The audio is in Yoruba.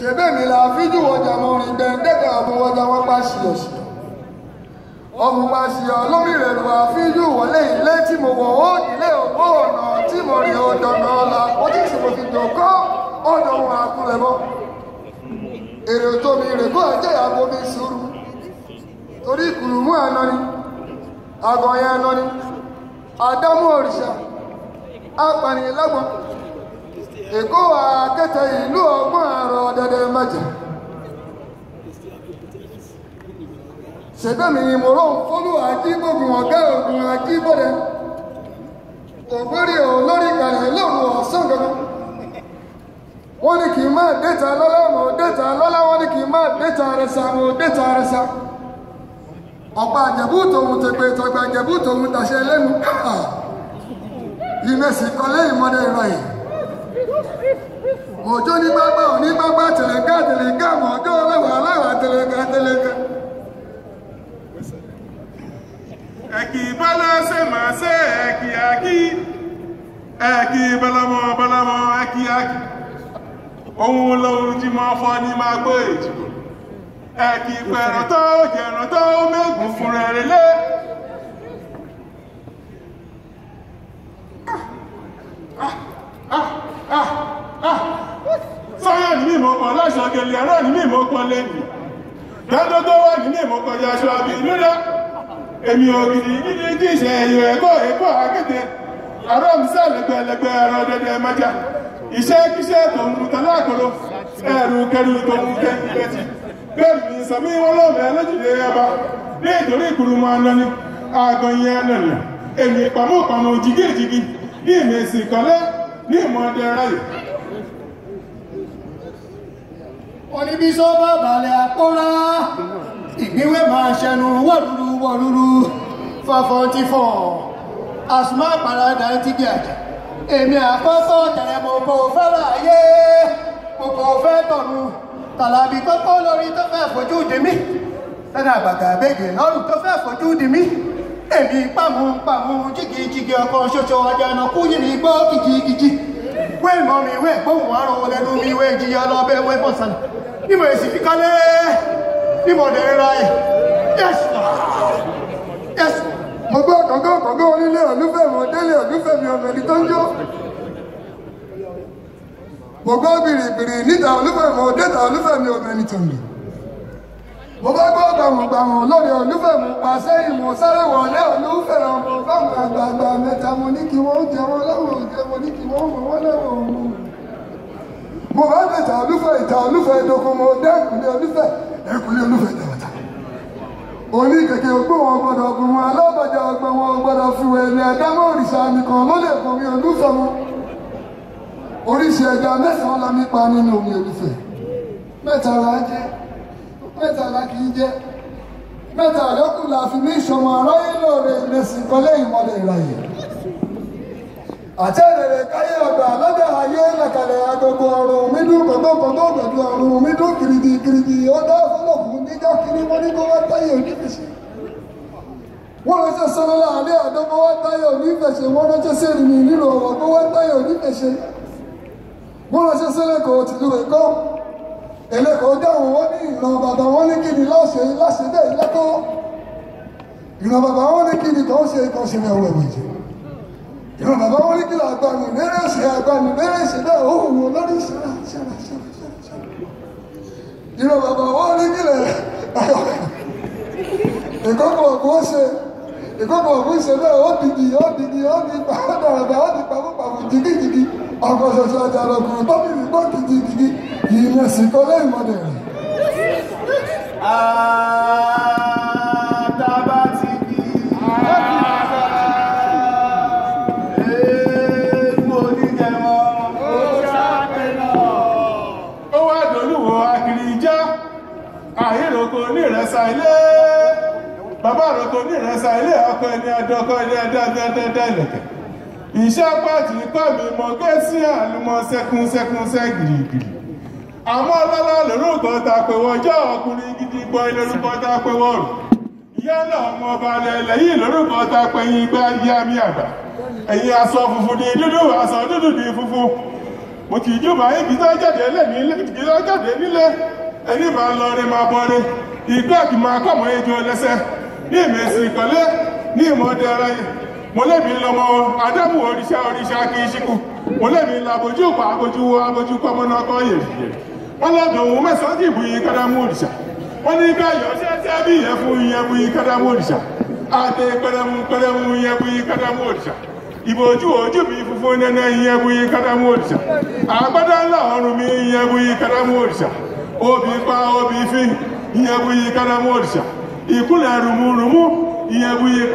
ṣèbẹ́mi la fíjú wọjà mọ́rin gbẹ̀ǹdẹ́gbẹ̀ ọmọ wọjà wọn pa ṣìyọ̀ṣì ọmọ pa ṣìyọ̀ lórí rẹ̀ lù wá fíjú wọlé ilé tí mo wọ̀ ó ilé òpó ọ̀nà tí mo rí ó dọ̀nà ọ̀la ojú tí mo fi dòkó ọ̀dọ̀ wọn àkúrẹ̀ mọ́ èrè tó mi rè kó ẹjẹ́ ìyàgò mi sùúrù torí ìkùrùmú àná ni àgọ̀yìn àná ni àdámú òrìṣà apànìyàn lágbọ̀n èkó àkẹ́tẹ̀ ìlú ọgbọ́n dẹ́dẹ́ mẹ́jẹ. ṣèbẹ́mi ni mo rán fọ́lù àjíbògùn ọ̀gá ògùn àjíbọ̀dẹ kì í máa dẹ́ta lọ́lá wọn ò lọ́lá kì í máa dẹ́ta rẹ̀sà wọn ò dẹ́ta rẹ̀sà ọ̀pá àjẹ̀bú tòun ti pé tọgbà àjẹ̀bú Ime ah! si mọ̀jọ́ ní pápá òní pápá tẹ̀lẹ̀ká tẹ̀lẹ̀ká mọ̀jọ́ ọlẹ́wà aláwà tẹ̀lẹ̀ká tẹ̀lẹ̀ká. ẹ̀kì bọ́lá ṣe máa ṣe ẹ̀kì àkí ẹ̀kì bọ́lámọ́ bọ́lámọ́ ẹ̀kì àkí ohun lóhun tí máa fọ́ ní máa gbé èjìgbò ẹ̀kì pẹ̀rọ̀ tó jẹ̀rọ̀ fúnra rẹ̀ lé. wà nínú ìmọ̀kan lẹ́yìn dájọ́ tó wà nínú ìmọ̀kan yà aṣọ àbí lọ́la èmi ògidì nídìí tí ìṣẹ̀ ẹ̀yọ ẹ̀kọ́ ẹ̀kọ́ akéde arọ́mísà lẹ́gbẹ̀lẹ́gbẹ̀ ẹ̀rọ dẹ́dẹ́ mẹ́jà iṣẹ́ kíṣẹ́ tó ń mutá láàkóró ẹ̀rù kẹrù tó ń tẹ́ ìrẹsì bẹ́ẹ̀ oníbísọ́ bá balẹ̀ àkọ́rá ìgbéwé máa ṣẹnu wọ́rúrú wọ́rúrú fọ́fọ́ntì fọ́ àsùnmọ́ ti gẹ̀ àjà èmi àkọ́kọ́ tẹ̀lé mo kò fẹ́ láàyè mo fẹ́ tọ̀nu tàlàbí kọ́kọ́ lórí tó fẹ́ fojú di mí lẹ́nu àgbàgà àbẹ́gẹ̀ lọ́rùn tó fẹ́ fojú di mí èmi pàmò pàmò jìgìjìgì ọkọ̀ ṣoṣo ọjà ẹnu kú yìí ní gbọ́ kìjìkìjì wé ìmọ̀ mi wé gbóhùn àrùn lẹ́nu mi wé jìyà lọ́bẹ̀ wé bọ̀sán ní mo èsì fi kálẹ̀ ní mo dẹ̀ ra ẹ̀ yẹ́sì yẹ́sì mo gbọ́ kọ̀ǹgọ́ kọ̀ǹgọ́ onílé ọ̀dúnfẹ́ mi ọ̀dẹ́lé ọ̀dúnfẹ́ mi ọ̀mọ ẹni tó ń jó mo gbọ́ bìrìbìrì níta ọ̀dúnfẹ́ mi ọ̀dẹ́ta ọ̀dúnfẹ́ mi ọ̀mọ ẹni tó ń lò mo bá gbọ́ gbàmùgbàmù lórí olúfẹ́ mu pàṣẹ ìmọ̀ sáré wọlé olúfẹ́ ọmọ fáwọn àgbààgbà mẹ́ta mo ní kí wọ́n jẹ wọ́n láwọn òjẹ́ mo mo bá bẹ̀tà olúfẹ́ ìta olúfẹ́ ìdókun mo dẹ́kunlé olúfẹ́ ẹ̀kunlé olúfẹ́ ìdàgbàtà. orí kẹ̀kẹ́ ọgbọ́n wọn gbọ́dọ̀ ọgbọ́n wọn alábàjá ọgbọ́n wọn gbọ́dọ̀ fi wọ ẹ̀mí àdámọ́ òrìṣà mi kan lọ́lẹ̀ kan mi olúfẹ́ wọn. oríṣi ẹja mẹ́sàn-án la mi pa nínú omi olúfẹ́ mẹ́ta la jẹ́ mẹ́ta la kì í jẹ́ mẹ́ta àlọ́kùn la fi ní ìṣọmọ aráyé lóore ìrẹsì kọ́lé ìmọ̀lẹ̀ ìràyè àti èrèrè káyé ọgbà lọ́dọ̀ ayé lẹ́kàlẹ̀ agogo ọ̀run mi dún kòtò kòtò gbẹ̀dú ọ̀run mi dún kìrìdì kìrìdì ó dá fọlọ́kùn níjọ́ kiri wọ́n ní kó wá táyé onífẹ̀ṣẹ̀ wọ́n ránṣẹ́ sọ́lọ́lá alẹ́ àdó kó wá táyé onífẹ̀ṣẹ̀ wọ́n ránṣẹ́ sẹ́rì mi nílò ọ̀rọ̀ kó wá táyé onífẹ̀ṣẹ̀ wọ́n ránṣẹ́ sẹ́lẹ̀kọ̀ tìlú rẹ̀ kọ́ ẹlẹ́kọ̀ọ́ dáhùn wọ́n ní ìran bàbá wọn ní kí ni láṣẹ láṣẹ bẹ́ẹ̀ lẹ́kọ́ ìran bàbá wọn ní kí ni kàn ṣe kàn ṣe mẹ́wọ́ ẹ̀wọ̀ ìran bàbá wọn ní kí lọ àgbà mi mẹ́rẹ̀ ṣe àgbà mi mẹ́rẹ̀ ṣe náà ó wù wọn lórí ìṣẹ́lá ìṣẹ́lá ìṣẹ́lá ìṣẹ́lá ìran bàbá wọn ní kí lọ ìkọ́kọ̀ ọ̀gbọ́n ó ṣe ìkọ́kọ̀ ọ̀gbọ́n ṣe náà ó dìdì ó dìdì ó di pàdàràdà ó di pàmòpàmò jìgìjìgì ọkọ̀ ṣoṣo ọjà lọkùnrin tó bìbì gbọ́ jìgìjìgì ìrìnàṣì kọ́lé ìmọ̀dẹ̀ rẹ̀. ìrẹsà ilé bàbá àròkọ ní ìrẹsà ilé ọkọ ẹni adọkọ ẹni adádádádálẹ̀kẹ̀ iṣẹ́ pàtì ikọ́ mi mọ gẹ́sí àlùmọ́ sẹ́kún sẹ́kún sẹ́gìrìgìrì àmọ́ ọlọ́lá lórúkọ ta pé wọ́n jẹ́ ọkùnrin gidi gbọ́ lórúkọ ta pé wọ́n rù ìyá náà ọmọ ọba lẹ́lẹ̀ yìí lórúkọ ta pé yín gbá yá mi àgbà ẹ̀yin aṣọ funfun ní dúdú aṣọ dúdú ní funfun mo ti jùmọ̀ ayé gidi jáde nílé ẹni bá lọ rí máa bọ́ rí ìgbà kì máa kọ́ mọ́ ejò lẹ́sẹ̀ ní ìmẹ̀sì ìkọ́lé ní ìmọ̀dé ara yìí mo lẹ́mi lọmọ adámù òrìṣà òrìṣà kì í ṣíkù mo lẹ́mi làbójú pa abojú wo abojú kọ́mọ náà kọ́ yèrìyè wọ́n lọ́dọ̀ òun mẹ́sàn-án dìbò yìí kádámù òrìṣà wọ́n ní káyọ̀ ṣẹ́ṣẹ́ bí ìyẹn fún ìyẹn bu ìbò ojú ojú mi funfun nẹ́nẹ́ ìyẹn bu yìí kádámù òrìṣà àgbádá ńlá ọrùn mi ìyẹn bu yìí kádámù òrìṣà obi pa obi fi iye bụ ihe kana m orisa ikwu rumu rumurumu ihe bụ pa.